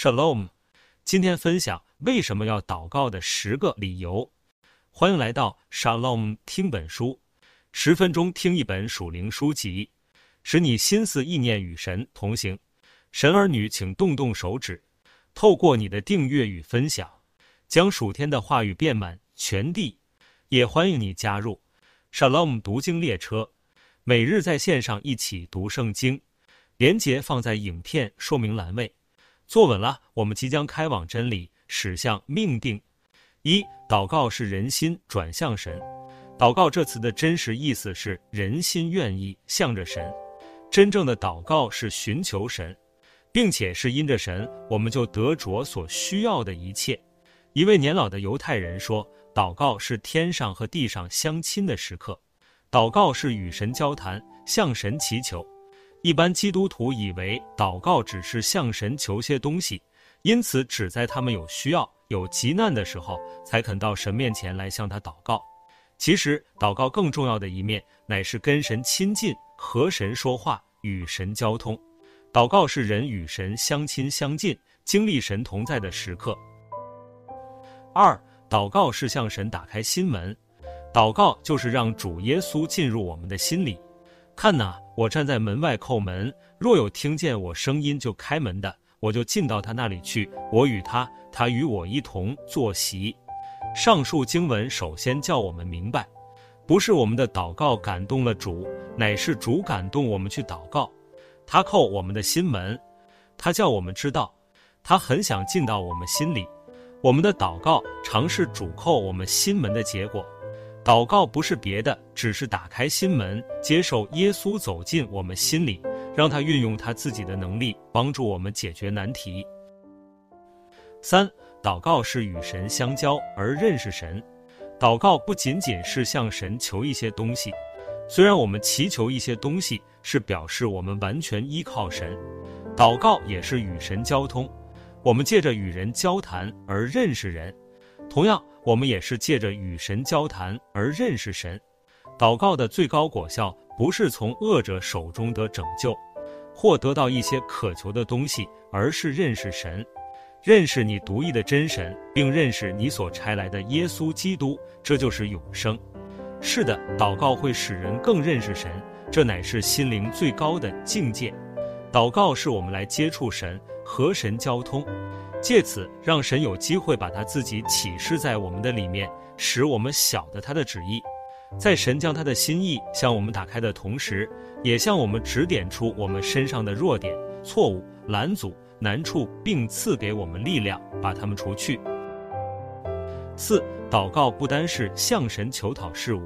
Shalom，今天分享為什麼要禱告的十個理由，歡迎來到 Shalom 聽本書，十分鐘聽一本屬靈書籍，使你心思意念與神同行。神兒女，請動動手指，透過你的訂閱與分享，將屬天的話語遍滿全地。也歡迎你加入 Shalom 讀經列車，每日在線上一起讀聖經。連結放在影片說明欄位。坐穩了，我們即將開往真理，駛向命定。一，禱告是人心轉向神。禱告這詞的真實意思是人心願意向着神。真正的禱告是尋求神，並且是因着神，我們就得着所需要的一切。一位年老的猶太人說：“禱告是天上和地上相親的時刻，禱告是與神交談，向神祈求。”一般基督徒以為禱告只是向神求些東西，因此只在他們有需要、有急難的時候才肯到神面前來向他禱告。其實，禱告更重要的一面乃是跟神親近、和神說話、與神交通。禱告是人與神相親相近、經歷神同在的時刻。二，禱告是向神打開心門，禱告就是讓主耶穌進入我們的心裡。看哪，我站在門外叩門，若有聽見我聲音就開門的，我就進到他那裡去。我與他，他與我一同坐席。上述經文首先叫我們明白，不是我們的禱告感動了主，乃是主感動我們去禱告。他叩我們的心門，他叫我們知道，他很想進到我們心裡。我們的禱告，常是主叩我們心門的結果。禱告不是別的，只是打開心門，接受耶穌走進我們心裡，讓他運用他自己的能力幫助我們解決難題。三、禱告是與神相交而認識神。禱告不僅僅是向神求一些東西，雖然我們祈求一些東西是表示我們完全依靠神，禱告也是與神交通。我們借着與人交談而認識人，同樣。我們也是借着與神交談而認識神，禱告的最高果效不是從惡者手中得拯救，或得到一些渴求的東西，而是認識神，認識你獨一的真神，並認識你所差來的耶穌基督，這就是永生。是的，禱告會使人更認識神，這乃是心靈最高的境界。禱告是我們來接觸神和神交通。借此讓神有機會把他自己啟示在我們的裡面，使我們曉得他的旨意。在神將他的心意向我們打開的同時，也向我們指點出我們身上的弱點、錯誤、攔阻、難處，並賜給我們力量，把他們除去。四、禱告不單是向神求討事物。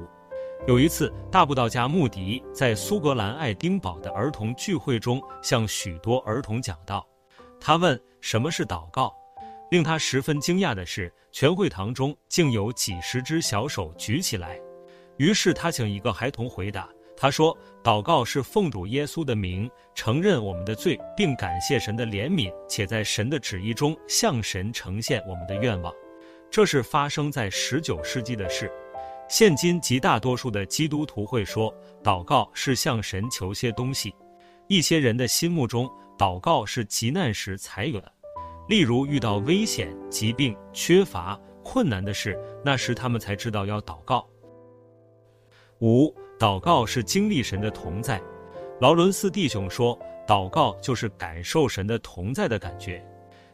有一次，大布道家穆迪在蘇格蘭愛丁堡的兒童聚會中向許多兒童講道，他問。什麼是禱告？令他十分驚訝的是，全會堂中竟有幾十隻小手舉起來。於是他請一個孩童回答，他說：“禱告是奉主耶穌的名，承認我們的罪，並感謝神的憐憫，且在神的旨意中向神呈現我們的願望。”這是發生在十九世紀的事。現今極大多數的基督徒會說，禱告是向神求些東西。一些人的心目中，禱告是急難時才有的，例如遇到危險、疾病、缺乏、困難的事，那時他們才知道要禱告。五、禱告是經歷神的同在。勞倫斯弟兄說，禱告就是感受神的同在的感覺。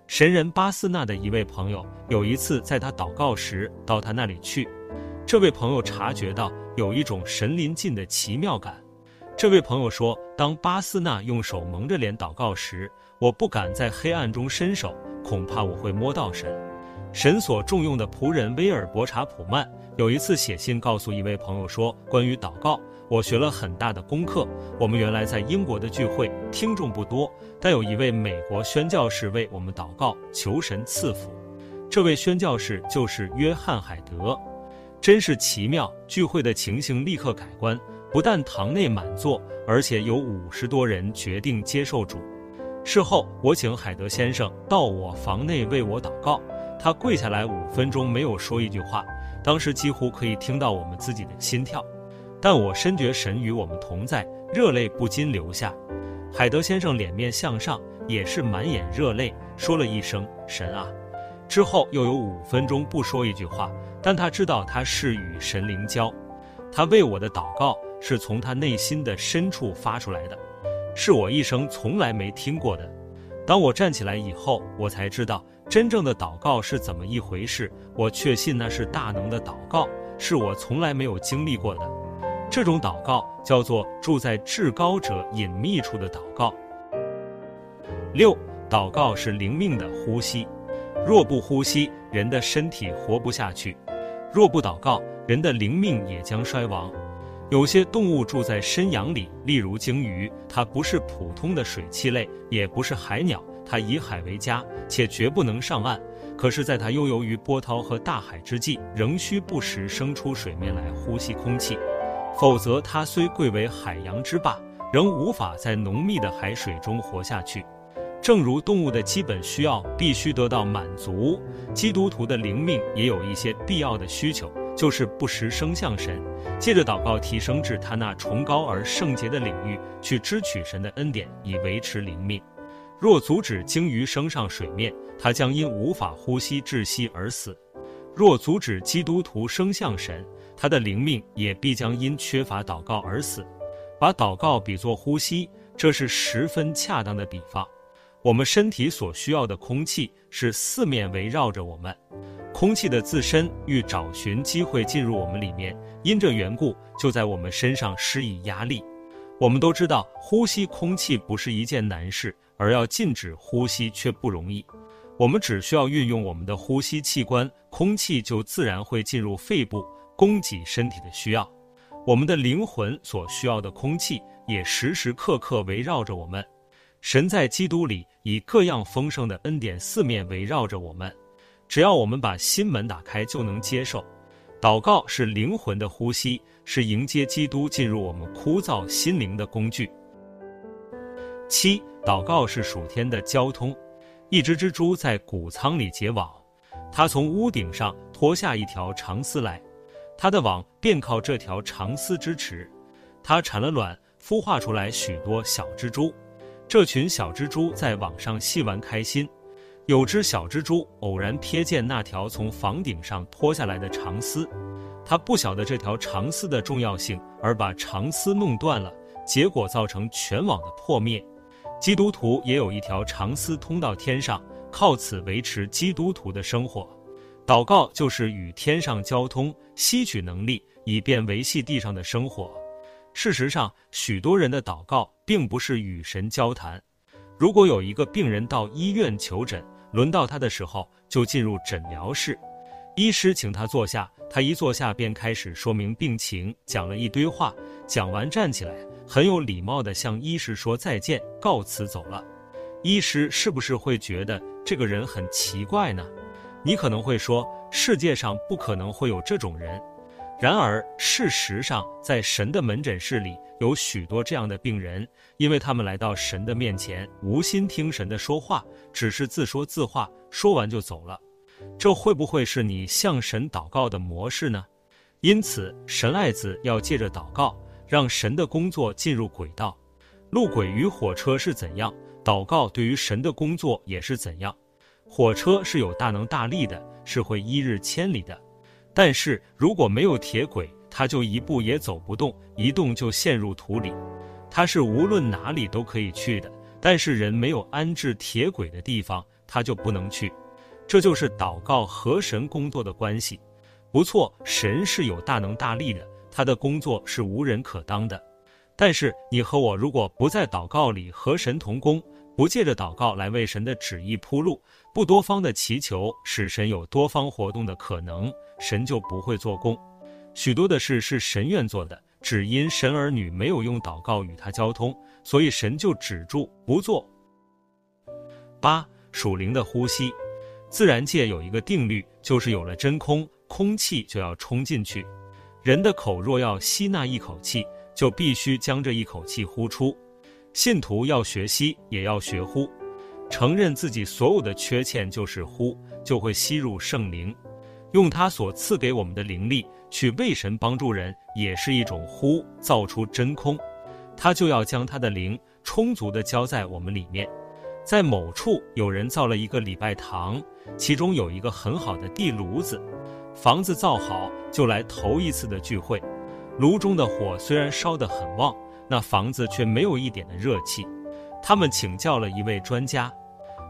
神人巴斯納的一位朋友，有一次在他禱告時到他那裡去，這位朋友察覺到有一種神臨近的奇妙感。這位朋友說：“當巴斯納用手蒙着臉禱告時，我不敢在黑暗中伸手，恐怕我會摸到神。神所重用的僕人威爾伯查普曼有一次寫信告訴一位朋友說：‘關於禱告，我學了很大的功課。我們原來在英國的聚會聽眾不多，但有一位美國宣教士為我們禱告，求神賜福。’這位宣教士就是約翰海德。真是奇妙，聚會的情形立刻改觀。”不但堂內滿座，而且有五十多人決定接受主。事後，我請海德先生到我房內為我禱告，他跪下來五分鐘沒有說一句話，當時幾乎可以聽到我們自己的心跳，但我深覺神與我們同在，熱淚不禁流下。海德先生臉面向上，也是滿眼熱淚，說了一聲“神啊”，之後又有五分鐘不說一句話，但他知道他是與神靈交，他為我的禱告是從他內心的深處發出來的，是我一生從來沒聽過的。當我站起來以後，我才知道真正的禱告是怎麼一回事。我確信那是大能的禱告，是我從來沒有經歷過的。這種禱告叫做住在至高者隱秘處的禱告。六，禱告是靈命的呼吸。若不呼吸，人的身體活不下去；若不禱告，人的靈命也將衰亡。有些動物住在深洋裡，例如鯨魚。它不是普通的水棲類，也不是海鳥。它以海為家，且絕不能上岸。可是，在它悠游於波濤和大海之際，仍需不時升出水面來呼吸空氣。否則，它雖貴為海洋之霸，仍無法在濃密的海水中活下去。正如動物的基本需要必須得到滿足，基督徒的靈命也有一些必要的需求。就是不時升向神，借着禱告提升至他那崇高而聖潔的領域，去支取神的恩典以維持靈命。若阻止鯨魚升上水面，它將因無法呼吸窒息而死。若阻止基督徒升向神，他的靈命也必將因缺乏禱告而死。把禱告比作呼吸，這是十分恰當的比方。我們身體所需要的空氣是四面圍繞着我們。空氣的自身欲找尋機會進入我們裡面，因這緣故，就在我們身上施以壓力。我們都知道，呼吸空氣不是一件難事，而要禁止呼吸卻不容易。我們只需要運用我們的呼吸器官，空氣就自然會進入肺部，供給身體的需要。我們的靈魂所需要的空氣，也時時刻刻圍繞着我們。神在基督裡以各樣豐盛的恩典四面圍繞着我們。只要我們把心門打開，就能接受。禱告是靈魂的呼吸，是迎接基督進入我們枯燥心靈的工具。七，禱告是屬天的交通。一隻蜘蛛在谷倉裡結網，它從屋頂上拖下一條長絲來，它的網便靠這條長絲支持。它產了卵，孵化出來許多小蜘蛛。這群小蜘蛛在網上戲玩開心。有只小蜘蛛偶然瞥見那條從房頂上拖下來的長絲，它不曉得這條長絲的重要性，而把長絲弄斷了，結果造成全網的破滅。基督徒也有一條長絲通到天上，靠此維持基督徒的生活。禱告就是與天上交通，吸取能力，以便維繫地上的生活。事實上，許多人的禱告並不是與神交談。如果有一個病人到醫院求診，輪到他的時候，就進入診療室，醫師請他坐下，他一坐下便開始說明病情，講了一堆話，講完站起來，很有禮貌的向醫師說再見，告辭走了。醫師是不是會覺得這個人很奇怪呢？你可能會說，世界上不可能會有這種人。然而，事實上，在神的門診室裡，有許多這樣的病人，因為他們來到神的面前，無心聽神的說話，只是自說自話，說完就走了。這會不會是你向神禱告的模式呢？因此，神愛子要借着禱告，讓神的工作進入軌道。路軌與火車是怎樣？禱告對於神的工作也是怎樣。火車是有大能大力的，是會一日千里的。但是如果沒有鐵軌，他就一步也走不動，一動就陷入土裡。他是無論哪裡都可以去的，但是人沒有安置鐵軌的地方，他就不能去。這就是禱告和神工作的關係。不錯，神是有大能大力的，他的工作是無人可當的。但是你和我如果不在禱告裡和神同工，不借着禱告來為神的旨意鋪路，不多方的祈求，使神有多方活動的可能，神就不會做工，許多的事是神願做的，只因神兒女沒有用禱告與他交通，所以神就止住不做。八、屬靈的呼吸，自然界有一個定律，就是有了真空，空氣就要衝進去。人的口若要吸納一口氣，就必須將這一口氣呼出。信徒要學吸，也要學呼，承認自己所有的缺陷就是呼，就會吸入聖靈。用他所賜給我們的靈力去為神幫助人，也是一種呼造出真空。他就要將他的靈充足的澆在我們裡面。在某處有人造了一個禮拜堂，其中有一個很好的地爐子。房子造好就來頭一次的聚會，爐中的火雖然燒得很旺，那房子卻沒有一點的熱氣。他們請教了一位專家，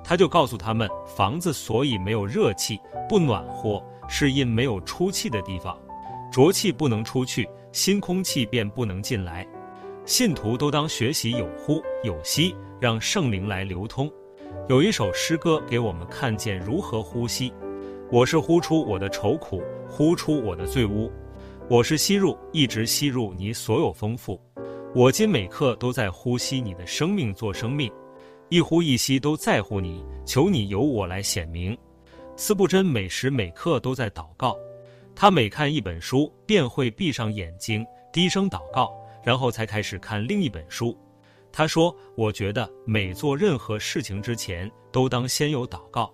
他就告訴他們，房子所以沒有熱氣，不暖和。是因沒有出氣的地方，濁氣不能出去，新空氣便不能進來。信徒都當學習有呼有吸，讓聖靈來流通。有一首詩歌給我們看見如何呼吸：我是呼出我的愁苦，呼出我的罪污；我是吸入，一直吸入你所有豐富。我今每刻都在呼吸你的生命做生命，一呼一吸都在乎你。求你由我來顯明。司布真每時每刻都在禱告，他每看一本書便會閉上眼睛，低聲禱告，然後才開始看另一本書。他說：“我覺得每做任何事情之前，都當先有禱告。”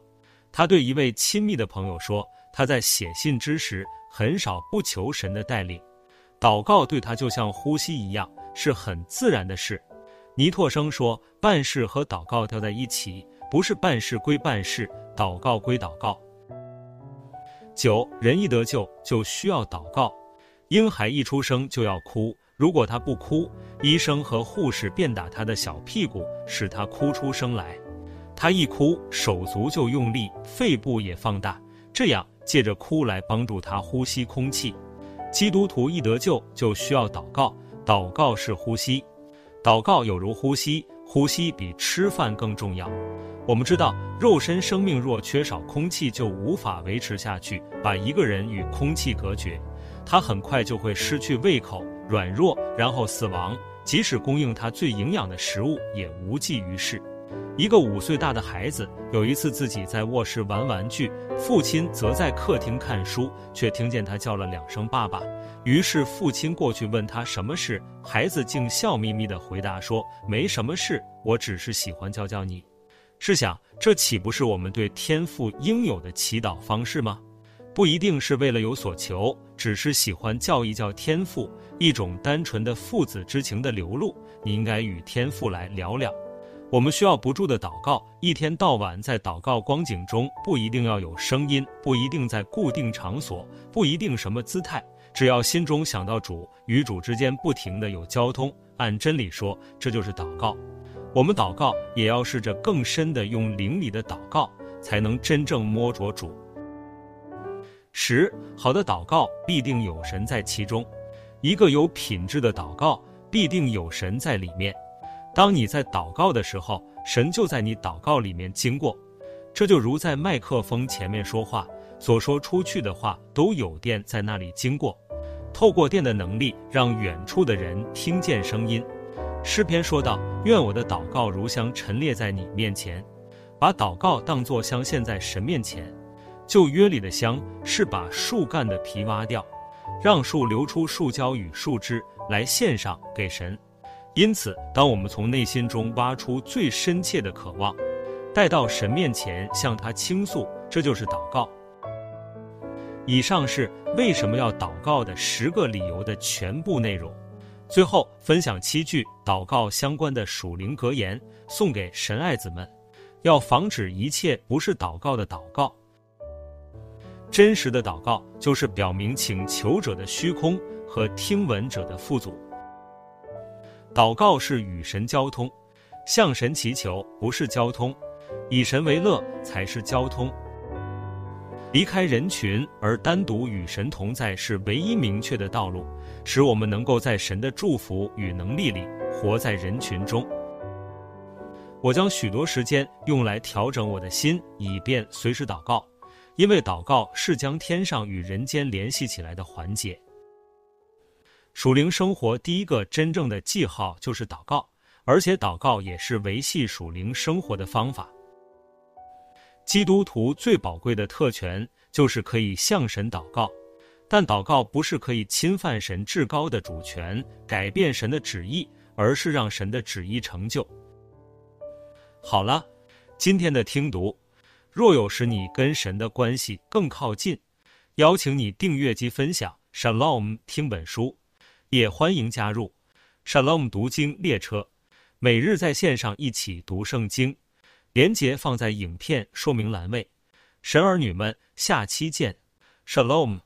他對一位親密的朋友說：“他在寫信之時，很少不求神的帶領，禱告對他就像呼吸一樣，是很自然的事。”倪柝聲說：“辦事和禱告調在一起。”不是辦事歸辦事，禱告歸禱告。九、人一得救就需要禱告。嬰孩一出生就要哭，如果他不哭，醫生和護士便打他的小屁股，使他哭出聲來。他一哭，手足就用力，肺部也放大，這樣借着哭來幫助他呼吸空氣。基督徒一得救就需要禱告，禱告是呼吸，禱告有如呼吸，呼吸比吃飯更重要。我們知道，肉身生命若缺少空氣，就無法維持下去。把一個人與空氣隔絕，他很快就會失去胃口、軟弱，然後死亡。即使供應他最營養的食物，也無濟於事。一個五歲大的孩子有一次自己在臥室玩玩具，父親則在客廳看書，卻聽見他叫了兩聲“爸爸”。於是父親過去問他什麼事，孩子竟笑眯眯的回答說：“沒什麼事，我只是喜歡叫叫你。”試想，這豈不是我們對天父應有的祈禱方式嗎？不一定是為了有所求，只是喜歡叫一叫天父，一種單純的父子之情的流露。你應該與天父來聊聊。我們需要不住的禱告，一天到晚在禱告光景中，不一定要有聲音，不一定在固定場所，不一定什麼姿態，只要心中想到主，與主之間不停地有交通。按真理說，這就是禱告。我們禱告也要試着更深的用靈裡的禱告，才能真正摸着主。十好的禱告必定有神在其中，一個有品質的禱告必定有神在裡面。當你在禱告的時候，神就在你禱告裡面經過。這就如在麥克風前面說話，所說出去的話都有電在那裡經過，透過電的能力，讓遠處的人聽見聲音。詩篇說道：“願我的禱告如香陳列在你面前，把禱告當作香獻在神面前。”舊約裡的香是把樹幹的皮挖掉，讓樹流出樹膠與樹枝來獻上給神。因此，當我們從內心中挖出最深切的渴望，帶到神面前向他傾訴，這就是禱告。以上是為什麼要禱告的十個理由的全部內容。最後，分享七句禱告相關的屬靈格言，送給神愛子們：要防止一切不是禱告的禱告。真實的禱告就是表明請求者的虛空和聽聞者的富足。禱告是與神交通，向神祈求不是交通，以神為樂才是交通。離開人群而單獨與神同在是唯一明確的道路。使我們能夠在神的祝福與能力裡活在人群中。我將許多時間用來調整我的心，以便隨時禱告，因為禱告是將天上與人間聯繫起來的環節。屬靈生活第一個真正的記號就是禱告，而且禱告也是維繫屬靈生活的方法。基督徒最寶貴的特權就是可以向神禱告。但禱告不是可以侵犯神至高的主權，改變神的旨意，而是讓神的旨意成就。好了，今天的聽讀，若有使你跟神的關係更靠近，邀請你訂閱及分享。Shalom，聽本書，也歡迎加入 Shalom 讀經列車，每日在線上一起讀聖經。連結放在影片說明欄位。神兒女們，下期見，Shalom。Sh